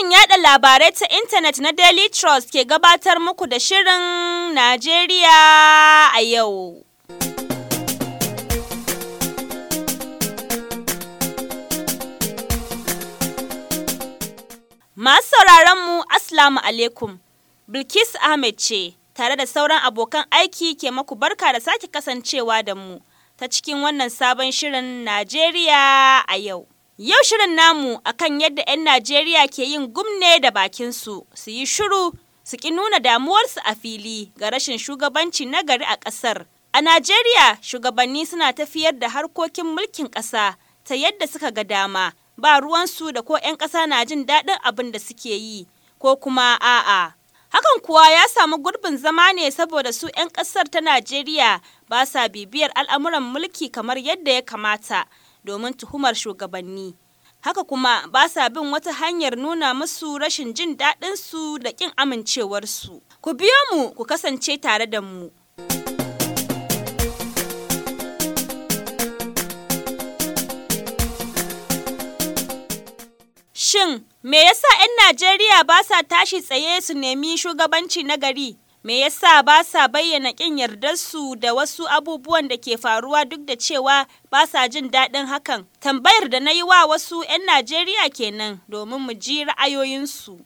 Sashen yada labarai ta intanet na Daily Trust ke gabatar muku da Shirin Najeriya a yau. Masu sauraronmu, Aslamu alaikum. Bilkis Ahmed ce, tare da sauran abokan aiki ke maku barka da sake kasancewa da mu ta cikin wannan sabon Shirin Najeriya a yau. Yau shirin namu akan yadda 'yan Najeriya ke yin gumne da bakinsu su yi shiru su ki nuna damuwarsu a fili ga rashin shugabanci na gari a ƙasar. A Najeriya shugabanni suna tafiyar da harkokin mulkin ƙasa ta yadda suka ga dama ba ruwansu da ko 'yan ƙasa na jin daɗin abin da suke yi ko kuma a'a. Hakan kuwa ya samu gurbin zama ne saboda su 'yan ƙasar ta Najeriya ba sa bibiyar al'amuran mulki kamar yadda ya kamata, domin tuhumar shugabanni. Haka kuma ba sa bin wata hanyar nuna musu rashin jin daɗinsu da ƙin amincewarsu. Ku biyo mu ku kasance tare da mu. Shin, me yasa 'yan Najeriya ba sa tashi tsaye su nemi shugabanci na gari? Me yasa ba sa bayyana ƙin su da wasu abubuwan da ke faruwa duk da cewa ba sa jin daɗin hakan? Tambayar da na yi wa wasu 'yan Najeriya kenan domin mu ji ra'ayoyinsu.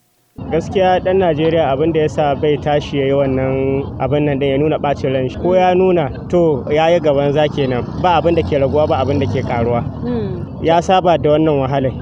gaskiya ɗan najeriya abin da ya sa bai tashi ya yi wannan abin nan da ya nuna ɓacin ran shi ko ya nuna to ya yi gaban za kenan ba abin da ke raguwa ba abin da ke karuwa hmm. ya saba da wannan wahalai.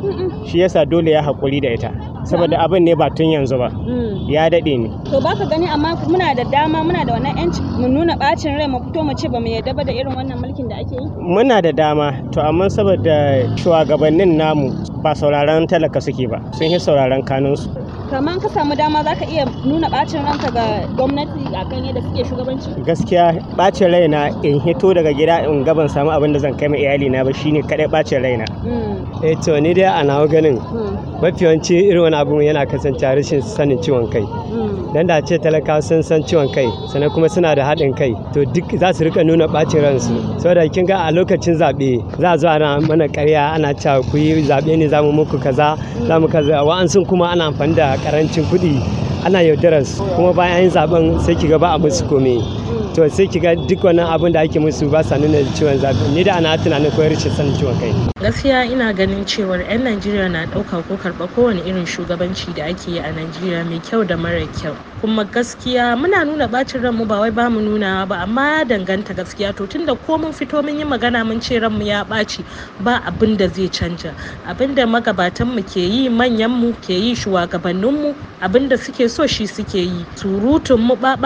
shi yasa dole ya haƙuri da ita saboda abin ne ba tun yanzu ba hmm. ya daɗe ne to ba ka gani amma muna da dama muna da wannan yanci mu nuna bacin rai mu fito mu ce ba mu yarda ba da irin wannan mulkin da ake yi muna da dama to amma saboda shugabannin namu ba sauraron talaka suke ba sun yi sauraron kanunsu kaman ka samu dama za ka iya nuna bacin ranka ga gwamnati akan yadda suke shugabanci gaskiya bacin raina in hito daga gida in gaban samu abin da zan kai ma iyali na ba shine kadai bacin raina hmm. eh to ni dai a nawa ganin hmm. mafi yawanci irin wani abun yana kasance rashin sanin ciwon kai hmm. dan da ce talakawa sun san ciwon kai sannan kuma suna da haɗin kai to duk za su rika nuna ɓacin ransu saboda kin ga a lokacin zaɓe za a zo ana mana karya ana cewa ku yi zaɓe ne za mu muku kaza za mu kaza wa'ansu kuma ana amfani da ƙarancin kuɗi ana yaudararsu kuma bayan an yi zaɓen sai ki gaba a musu komai to sai kiga duk wannan abin da ake musu ba sa nuna ciwon zafi ni da ana tunanin ko rashin sanin ciwon kai gaskiya ina ganin cewa 'yan najeriya na ɗauka ko karɓa kowane irin shugabanci da ake yi a najeriya mai kyau da mara kyau kuma gaskiya muna nuna bacin mu ba wai bamu mu nunawa ba amma ya danganta gaskiya to tunda ko mun fito mun yi magana mun ce ranmu ya ɓaci ba abin da zai canja abin da mu ke yi manyan mu ke yi shugabanninmu abin da suke so shi suke yi surutun mu da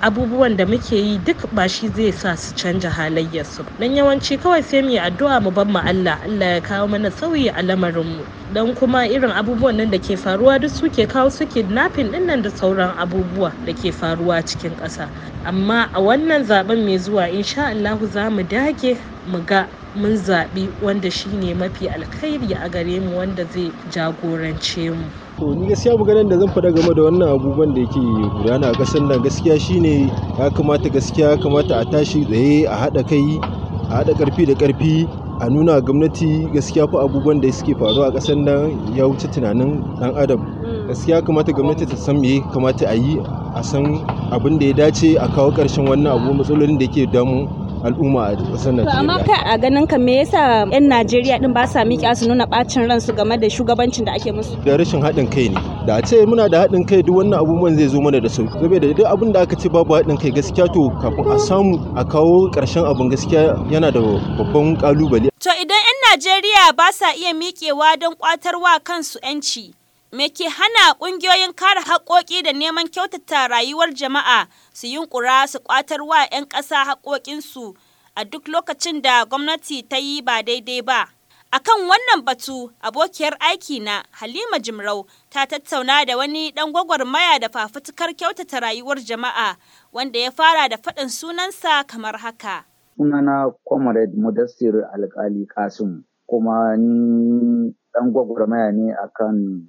abubuwan da muke yi duk ba shi zai sa su canja halayyarsu dan yawanci kawai sai mu yi addu'a mu ban mu Allah Allah ya kawo mana sauyi a lamarin mu. dan kuma irin abubuwan nan da ke faruwa duk suke kawo su nafin din nan da sauran muhimman abubuwa da ke faruwa cikin ƙasa amma a wannan zaɓen mai zuwa insha Allahu za mu dage mu ga mun zaɓi wanda shi ne mafi alkhairi a gare mu wanda zai jagorance mu to ni gaskiya maganar da zan faɗa game da wannan abubuwan da yake gudana a ƙasar nan gaskiya shine ya kamata gaskiya kamata a tashi tsaye a haɗa kai a haɗa ƙarfi da ƙarfi a nuna gwamnati gaskiya fa abubuwan da suke faruwa a ƙasar nan ya wuce tunanin ɗan adam mm. gaskiya kamata gwamnati ta san me kamata a yi a san abin da ya dace a kawo ƙarshen wannan abu matsalolin da yake damu al'umma a ƙasar Najeriya. amma kai a ganin ka me yasa 'yan Najeriya din ba sa miƙa su nuna bacin ransu game da shugabancin da ake musu. Da rashin haɗin kai ne. Da a ce muna da haɗin kai duk wannan abubuwan zai zo mana da sauki. Saboda duk abin da aka ce babu haɗin kai gaskiya to kafin a samu a kawo ƙarshen abin gaskiya yana da babban ƙalubale. To idan 'yan Najeriya ba sa iya miƙewa don ƙwatarwa kansu 'yanci. me ke hana ƙungiyoyin kare haƙoƙi da neman kyautata rayuwar jama'a su yunƙura su ƙwatar wa 'yan ƙasa haƙoƙinsu a duk lokacin da gwamnati ta yi ba daidai ba. A kan wannan batu, abokiyar aiki na Halima Jimrau ta tattauna da wani ɗan gwagwarmaya da fafutukar kyautata rayuwar jama'a wanda ya fara da faɗin sunansa kamar haka. Sunana Comrade Mudassir alkali Kasim, kuma ni ɗan gwagwarmaya ne akan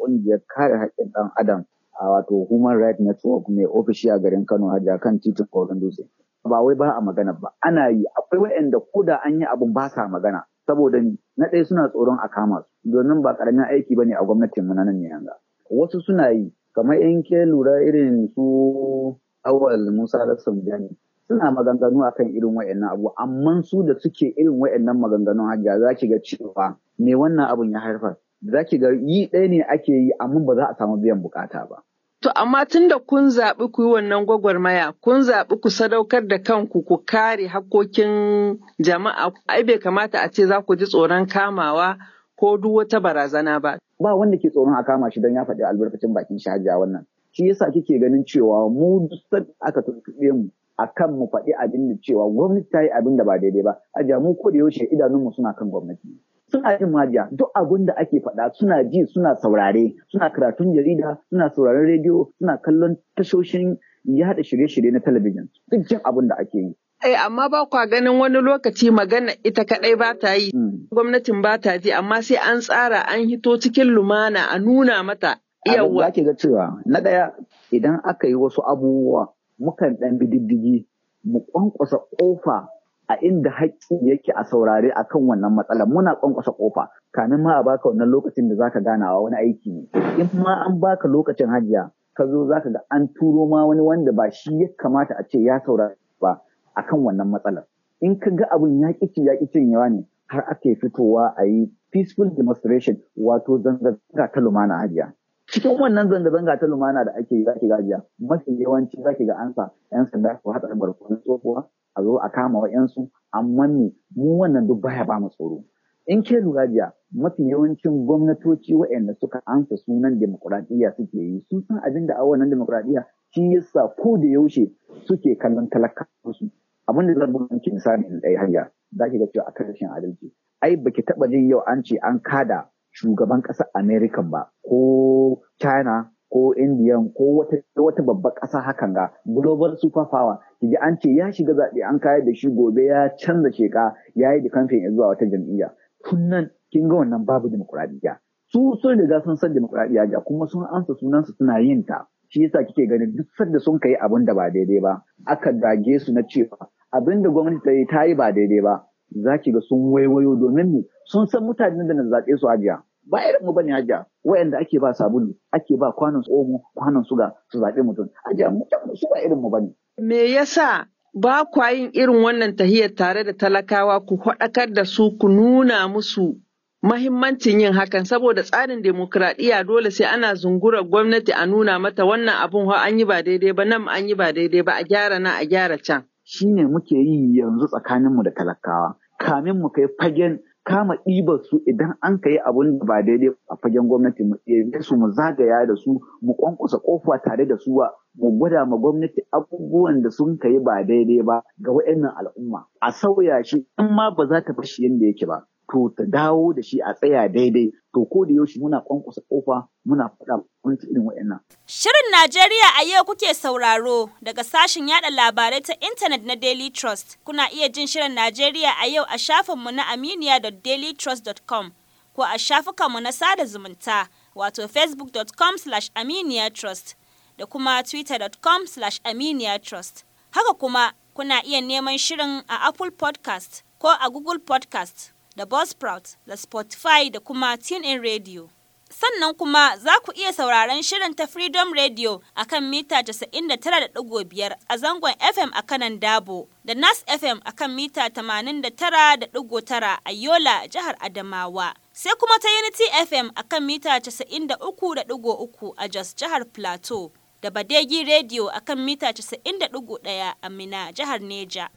ƙungiyar kare haƙƙin ɗan adam a wato Human Rights Network mai ofishi a garin Kano Hajiya kan titin Koren Dutse. Ba wai ba a magana ba, ana yi akwai wa'inda ko da an yi abun ba sa magana saboda ni, na ɗaya suna tsoron a kama su domin ba ƙaramin aiki ba ne a gwamnatin mu na nan ne yanga. Wasu suna yi kamar in ke lura irin su Awal Musa da sanjani suna maganganu akan irin wa'annan abu amma su da suke irin wa'annan maganganun hajiya za ki ga cewa me wannan abun ya haifar za ki ga yi ɗaya ne ake yi amma ba za a samu biyan bukata ba. To amma tun da kun zaɓi ku yi wannan gwagwarmaya, kun zaɓi ku sadaukar da kanku ku kare hakkokin jama'a, ai bai kamata a ce za ku ji tsoron kamawa ko duk wata barazana ba. Ba wanda ke tsoron a kama shi don ya faɗi albarkacin bakin shahaja wannan. Shi yasa kike ganin cewa mu duk aka tuntuɓe mu a kan mu faɗi abin da cewa gwamnati ta yi abin da ba daidai ba. A jamu ko da yaushe idanunmu suna kan gwamnati. suna yin majiya duk abin da ake faɗa suna ji suna saurare suna karatun jarida suna sauraron rediyo suna kallon tashoshin yada shirye-shirye na talabijin duk jin abin da ake yi Eh, amma ba kwa ganin wani lokaci magana ita kadai ba ta yi, hmm. gwamnatin ba ta ji, amma sai an tsara an hito cikin lumana a nuna mata yawwa. Abin ga cewa na ɗaya idan aka yi wasu abubuwa mukan ɗan bididdigi mu kwankwasa ƙofa a inda haƙƙi yake a saurare a kan wannan matsalar muna ƙwanƙwasa ƙofa kanin ma a baka wannan lokacin da zaka ganawa wani aiki ne in ma an baka lokacin hajiya ka zo zaka ga an turo ma wani wanda ba shi ya kamata a ce ya saurare ba a kan wannan matsalar in ka ga abun ya ƙici ya ƙicin yawa ne har ake fitowa a yi peaceful demonstration wato zanga-zanga ta lumana hajiya cikin wannan zanga-zanga ta lumana da ake yi za ki gajiya mafi yawanci za ki ga ansa yan sanda ko haɗa barkonon tsohuwa a zo a kama wa'yansu amma ne mu wannan duk baya ba mu tsoro in ke lura jiya mafi yawancin gwamnatoci waɗanda suka ansa sunan demokuraɗiyya suke yi sun san abin da awanan demokuraɗiyya shi yasa ko da yaushe suke kallon talakansu abin da zan buga miki misali in ɗaya hanya za ki ga cewa akan rashin adalci ai ba ki taɓa jin yau an ce an kada shugaban ƙasar Amerika ba ko China ko indiyan ko wata wata babbar ƙasa hakan ga global super power kiji an ce ya shiga zaɓe an kayar da shi gobe ya canza sheka ya yi da kamfen zuwa wata jam'iyya tun nan kin ga wannan babu demokuraɗiyya su sun riga sun san demokuraɗiyya ja kuma sun ansa sunan su suna yin ta shi yasa kike ganin duk sanda sun kai abin da ba daidai ba aka dage su na cewa abin da gwamnati ta yi ta ba daidai ba zaki ga sun waiwayo domin mu sun san mutanen da na zaɓe su ajiya ba irin mu bane haja wayanda ake ba sabulu ake ba kwanon omo kwanon suga su zaɓe mutum haja mutum su ba irin mu bane me yasa ba kwa yin irin wannan tahiyar tare da talakawa ku haɗakar da su ku nuna musu mahimmancin yin hakan saboda tsarin demokradiyya dole sai ana zungurar gwamnati a nuna mata wannan abun an yi ba daidai ba nan an yi ba daidai ba a gyara na a gyara can. shine muke yi yanzu tsakaninmu da talakawa kamin mu kai fagen kama ɗibar su idan an ka yi abin da ba daidai a fagen gwamnati mu ɗebe su mu zagaya da su mu kwankwasa ƙofa tare da su mu gwada ma gwamnati abubuwan da sun ka yi ba daidai ba ga wa'annan al'umma a sauya shi in ma ba za ta bar shi yadda yake ba to ta dawo da shi a tsaya daidai to ko da yaushe muna kwankwasa kofa muna faɗa wani irin waɗannan. Shirin Najeriya a yau kuke sauraro daga sashen yada labarai ta intanet na Daily Trust. Kuna iya jin Shirin Najeriya a yau a shafinmu na aminiya.dailytrust.com ko a shafukanmu na sada zumunta wato facebook.com slash aminiyatrust da kuma twitter.com slash aminiyatrust. Haka kuma kuna iya neman shirin a Apple podcast ko a Google podcast da Buzzsprout da Spotify da kuma TuneIn Radio. Sannan kuma za ku iya sauraron shirin ta Freedom Radio a kan mita 99.5 a zangon FM a kanan Dabo da Nas FM a kan mita 89.9 a Yola jihar Adamawa. Sai kuma ta Unity FM a kan mita 93.3 a Jos jihar Plateau da Badegi Radio a kan mita 90.1 a Mina jihar Neja.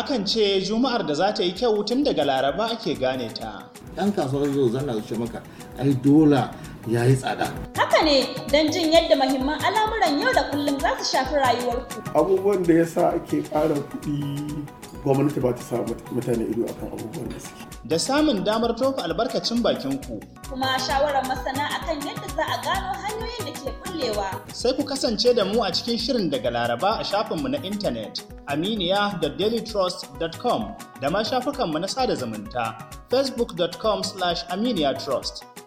akan ce juma'ar da za ta yi kyau tun daga laraba ake gane ta ɗan kasuwar zo zana su maka ai dola ya yi tsada haka ne don jin yadda mahimman al'amuran yau da kullum za su shafi rayuwarku abubuwan da ya sa ake ƙara kuɗi gwamnati ba ta sa mutane ido akan abubuwan da suke. Da samun damar tofa albarkacin bakin ku. Kuma shawarar masana akan yadda za a gano da ke kullewa. Sai ku kasance da mu a cikin shirin daga Laraba a shafinmu na intanet aminiya.dailytrust.com da ma shafukanmu na sada zumunta facebook.com/aminiya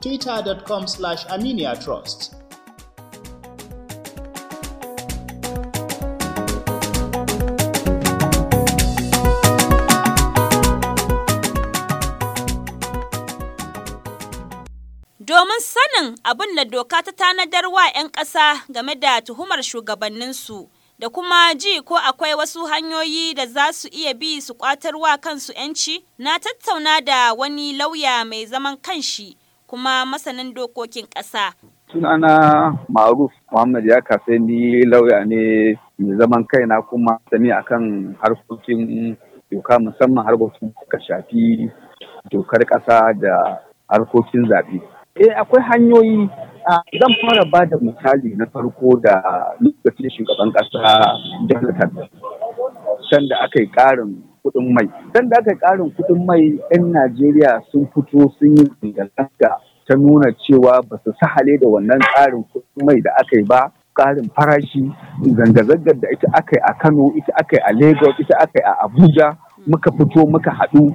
twitter.com/aminiya trust domin sanin abin da doka ta tanadar wa 'yan ƙasa game da tuhumar shugabanninsu da kuma ji ko akwai wasu hanyoyi da za su iya bi su kwatarwa kansu 'yanci na tattauna da wani lauya mai zaman kanshi kuma masanin dokokin ƙasa. sunana maruf muhammad ya kafe ni lauya ne mai zaman kaina kuma sani akan harkokin doka musamman harkokin suka shafi dokar ƙasa da harkokin zaɓe. Eh akwai hanyoyi ah, zan fara ba da misali na farko da lokacin shugaban kasa Jonathan sanda aka yi ƙarin kuɗin mai. Sanda aka yi ƙarin kuɗin mai 'yan Najeriya sun fito sun yi zanga-zanga ta nuna cewa ba su sahale da wannan karin kuɗin mai da aka yi ba karin farashi zanga-zangar da ita aka yi a Kano ita aka yi a Lagos ita aka yi a Abuja muka fito muka haɗu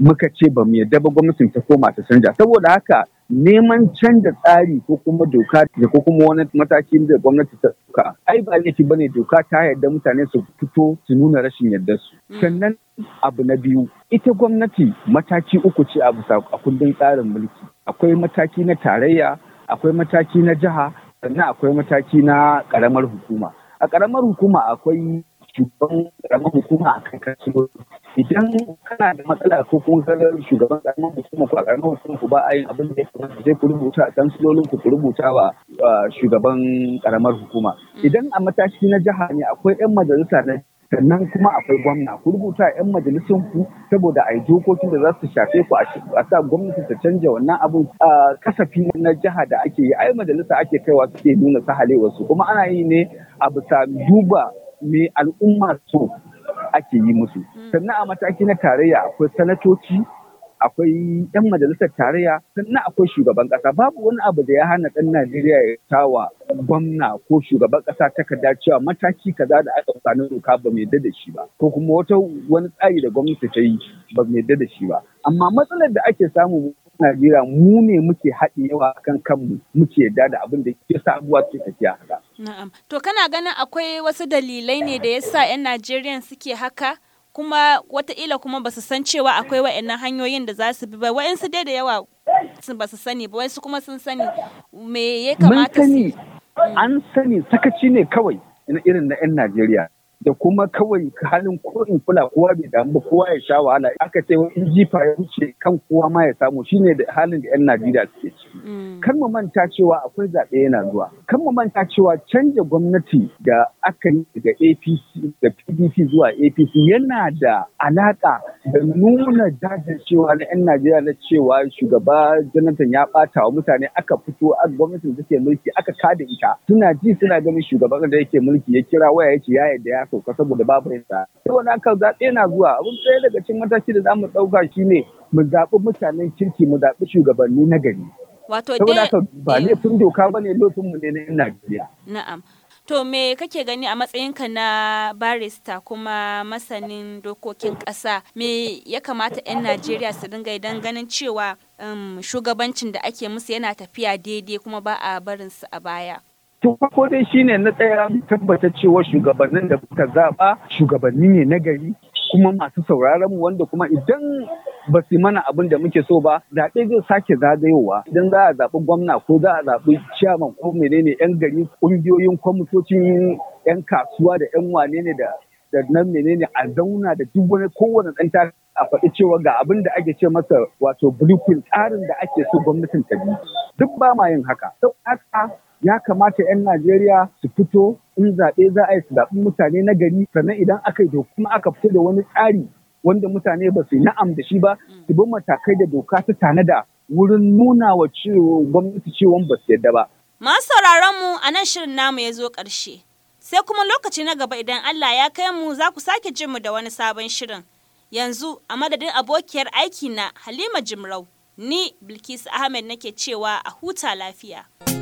muka ce ba mu yarda ba gwamnatin ta koma ta canja saboda haka neman canza tsari ko kuma doka da ko kuma wani mataki da gwamnati ta doka ai ba laifi bane doka ta yarda mutane su fito su nuna rashin yarda su mm. sannan abu na biyu ita gwamnati mataki uku ce a bisa a kundin tsarin mulki akwai mataki na tarayya akwai mataki na jiha sannan akwai mataki na karamar hukuma a karamar hukuma akwai shugaban ƙaramin hukuma a kan kansu idan kana da matsala ko kuma kalar shugaban ƙaramin hukuma ko a ƙaramin hukuma ku ba a yin abin da ya kamata zai ku rubuta kansilolin ku ku rubuta wa shugaban ƙaramar hukuma hmm. idan a matashi na jiha ne akwai 'yan majalisa na sannan kuma akwai gwamna ku rubuta 'yan majalisun ku saboda a yi dokokin da za su shafe ku a sa gwamnati ta canja wannan abun kasafi na jiha da ake yi ai majalisa ake kaiwa suke nuna sahalewarsu kuma ana yi ne a bisa duba me al'umma so ake yi musu hmm. sannan a mataki na tarayya akwai sanatoci akwai 'yan majalisar tarayya sannan akwai shugaban ƙasa. babu wani abu da ya hana ɗan najeriya ya tawa gwamna ko shugaban ƙasa takarda cewa mataki kaza da aka tsani doka ba mai da shi ba ko kuma wata wani tsari da gwamnati ta yi ba mai da shi ba amma matsalar da ake samu Najeriya mu ne muke yawa kan kanmu muke yarda da abin da ke sa ke tafiya haka. Na'am. To kana ganin akwai wasu dalilai ne da yasa 'yan eh. Najeriya suke haka? Kuma wataƙila kuma ba su san cewa akwai wa'annan hanyoyin da za su bi ba. Wa'insu dai da yawa ba su sani ba, wasu kuma sun sani me ya kamata su. Mun sani, mm. an sani sakaci ne kawai na irin na 'yan Najeriya. da kuma kawai halin ko in kula kowa bai damu ba kowa ya sha wahala aka ce in jifa ya wuce kan kowa ma ya samu shine da halin da yan Najeriya suke ciki mm. kan mu manta cewa akwai zaɓe yana zuwa kan mu manta cewa canja gwamnati da aka yi daga APC da PDP zuwa APC yana da alaka da nuna jajircewa na yan Najeriya na cewa shugaba Jonathan ya ɓata wa mutane aka fito a gwamnatin da take mulki aka kada ita suna ji suna ganin shugaban da yake mulki ya kira waya ya ce ya yarda ya sauka saboda babu yadda saboda aka zaɓe na zuwa abin ɗaya daga cikin mataki da zamu ɗauka shine mu zaɓi mutanen kirki mu zaɓi shugabanni na gari wato saboda haka ba eh. laifin doka ba ne laifin mu ne na Najeriya na'am to me kake gani a matsayinka na barista kuma masanin dokokin ƙasa me ya kamata 'yan Najeriya su dinga idan ganin cewa um, shugabancin da ake musu yana tafiya daidai kuma ba a barinsu a baya tun farko dai shine na tsaya tabbata cewa shugabannin da suka zaba shugabanni ne na gari kuma masu sauraron mu wanda kuma idan ba su mana abin da muke so ba zaɓe zai sake zagayowa idan za a zaɓi gwamna ko za a zaɓi ciyaman ko menene yan gari ƙungiyoyin kwamitocin yan kasuwa da yan wane ne da nan menene a zauna da duk wani kowane ɗan a faɗi cewa ga abin da ake ce masa wato blueprint tsarin da ake so gwamnatin ta bi duk ba ma yin haka. haka ya kamata 'yan Najeriya su fito in zaɓe za a yi su zaɓi mutane na gari sannan idan aka yi kuma aka fito da wani tsari wanda mutane ba su yi na'am da shi ba su bi matakai da doka ta tanada wurin nuna wa gwamnati cewa ba su yadda ba. Masu sauraron mu a nan shirin namu ya zo ƙarshe. Sai kuma lokaci na gaba idan Allah ya kai mu za ku sake jin mu da wani sabon shirin. Yanzu a madadin abokiyar aiki na Halima Jimrau, ni Bilkisu Ahmed nake cewa a huta lafiya.